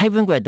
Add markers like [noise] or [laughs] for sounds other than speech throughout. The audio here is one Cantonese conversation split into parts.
喺本國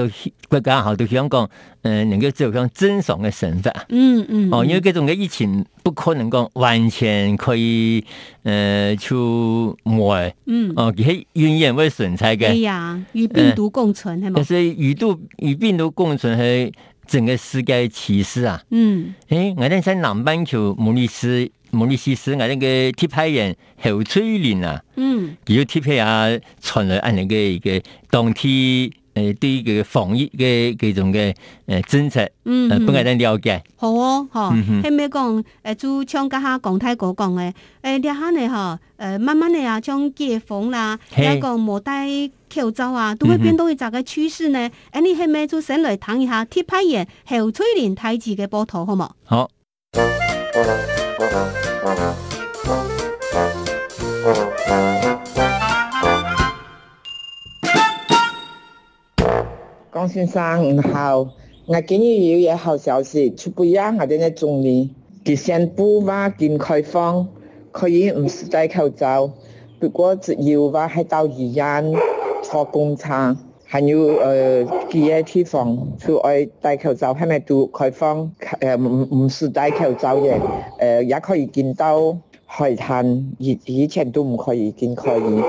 國家好都想講、呃，能夠走向正常嘅生活。嗯嗯，哦，因為各種嘅疫情不可能講完全可以，誒、呃，出外，嗯，哦，佢喺永遠會存在嘅，與、哎、病毒共存係咪？就是與毒與病毒共存係整個世界趨勢啊。嗯，誒、欸，我哋喺南半球，摩利斯模里西斯，斯，我哋嘅特派員侯翠玲啊，嗯，佢要特派來我哋冬天。誒、呃，對於佢防疫嘅幾種嘅誒、呃、政策，嗯，嗯、呃，本不挨了解。好哦，吓，係咩講？誒，做商家下講泰過講嘅，誒，你吓你吓，誒，慢慢嚟啊，將解封啦，一個冇戴口罩啊，都會、啊、變，都會有個趨勢呢。誒、嗯哎，你係咩做先嚟談一下特派員侯翠玲大姐嘅波濤，好、哦、冇？好。 [music] 張先生，你好，我今日有一個好消息，就不一樣，我哋嘅總理，第三步話建開放，可以唔使戴口罩，不過只要話喺到醫院坐公車，還有誒，幾個地方除外戴口罩，還沒都開放，誒，唔唔使戴口罩嘅，誒，也可以見到海灘、以以前都唔可以見，可以誒，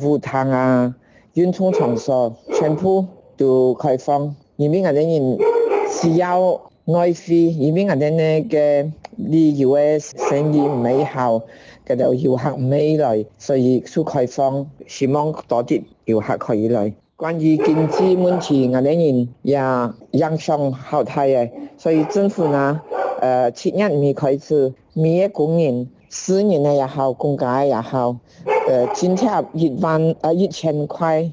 霧灘啊，運動場所，全部。就開放，因為嗰啲人需要外匯，因為嗰啲那個旅遊嘅生意唔好，佢就遊、是、客唔來，所以就開放，希望多啲遊客可以來。關於經濟問問題，我哋人也影響好大嘅，所以政府呢，呃七月未開始，每月個人，私人呢又好，公家也好，呃，津貼一萬呃一千塊。啊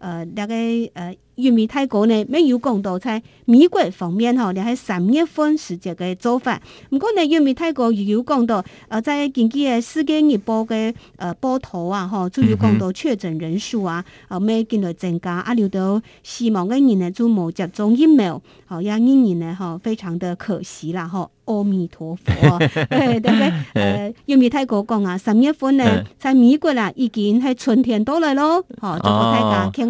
呃，那個呃，玉米泰國呢，沒有講到喺美國方面嚇，你喺三月份時節嘅做法。唔過呢，玉米泰國也有講到呃，在近期的世界日報嘅呃，報道啊，嚇、哦，主要講到確診人數啊，啊、呃，咩見到增加，啊，留到希望啲人咧做冇接種疫苗，好，讓啲人咧，哈，非常的可惜啦，哈、哦，阿彌陀佛、哦，誒、 [laughs] 哎，對不對呃，玉米泰國講啊，三月份呢，在美國啦，已經係春天到來咯，嚇、 [laughs] 哦，做個睇價，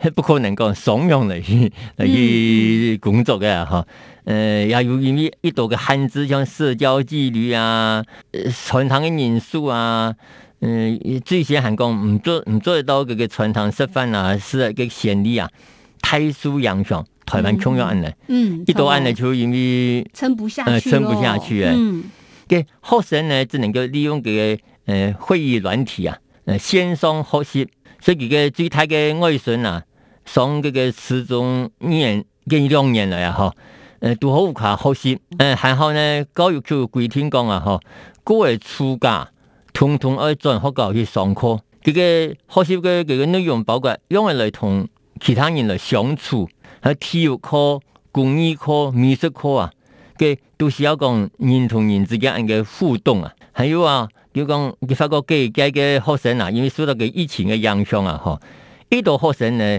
係不可能講慫恿嚟去嚟去工作嘅哈，誒、嗯，也、呃、因為一度嘅限制，像社交距離啊、呃，傳統的因素啊，嗯、呃，最先還講唔做唔做得到佢個傳統示範啊，是嘅先例啊，太樹影響台灣中央案嚟，嗯，一度案嚟就因為撐不下去，撐不下去嘅、呃嗯，給學生呢，只能夠利用佢、這個呃會議軟體啊，呃，線上學習，所以佢個最大的哀傷啊。上嘅嘅初中一年嘅兩年來啊！嗬、呃，都好誇學習，嗯，還好呢。教育局規定講啊，嗬，嗰位暑假，通通要轉去學校去上課。這個學習的這個內容包括，用嚟同其他人來相處，還有體育課、工藝課、美術課啊，嘅、這、都、個、是要講人同人之間嘅互動啊。還有啊，叫講，你發覺嘅這個學生啊，因為受到佢疫情的影響啊，嗬，呢度學生呢。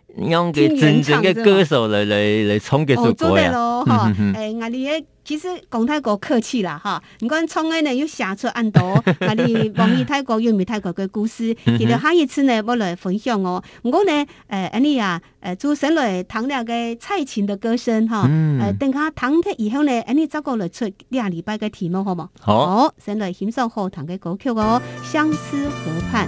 用佢真正的歌手嚟嚟嚟唱幾首歌啊！誒，我哋咧其實講太過客氣啦，哈！有 [laughs] 你講唱嘅呢又寫出咁多，我哋永威大哥、黃宇大哥的故事，嗯、其實下一次呢我來分享我、喔，我呢誒 Annie 啊，誒做先嚟聽下的蔡琴的歌聲，哈、呃！誒等下聽聽以後呢 Annie 過來出下禮拜的題目好唔好、嗯？好，先嚟欣賞好堂的歌曲哦、喔，《相思河畔》。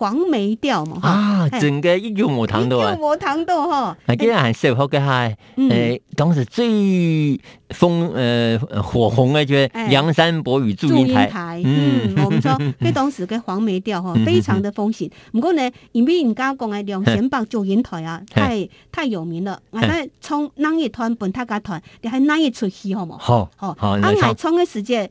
黃梅調嘛啊，整個豫劇我談到了，我談到了哈，係啲人係小誒、啊，當、欸欸嗯、時最風誒、呃、火紅的就係梁山伯與祝英台，嗯，呵呵呵呵呵呵呵嗯，我們說，這當時嘅黃梅調哈，非常的風行。不、嗯、過呢，因為人家講的梁山伯祝英台啊，嗯、太太有名了，我咧從那一團本他家團，就喺那一出戲好冇，好，好，阿矮從嘅時間。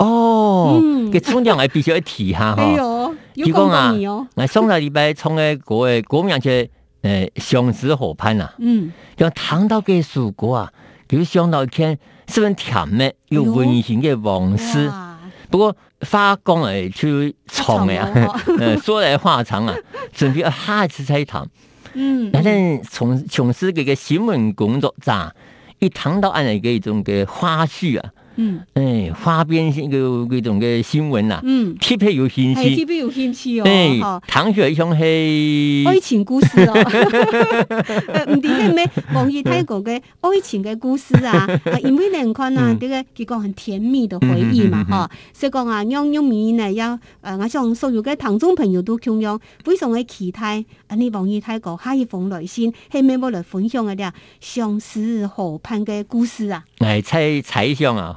哦，佢從講係必須要提一下哈。提 [laughs] 供、哦、啊，我雙頭禮拜從誒國誒國民黨去呃，相思河畔啊。嗯，從談到嘅蜀國啊，比如想到一篇十分甜蜜又溫馨的往事。哎、不過花崗係出長嘅啊， [laughs] 說來話長啊，準備下一次再談。嗯，反正從從事這個新聞工作者，一談到安尼個一種嘅花絮啊。嗯，誒、欸，花邊先個各種嘅新聞啊，嗯，特別有興趣，特別有興趣哦。誒、欸，談起、那個、一樁係愛情故事咯、哦，唔知咩王月泰國嘅愛情嘅故事啊， [laughs] 啊因為人看啊，呢個結果很甜蜜的回憶嘛，嗬、嗯嗯啊。所以講啊，央央面呢有誒，我想、呃、所有嘅唐眾朋友都咁樣，非常嘅期待啊，呢王月泰國，下一封來信，係咩我嚟分享嘅啲啊，相思河畔嘅故事啊，嚟猜猜想啊。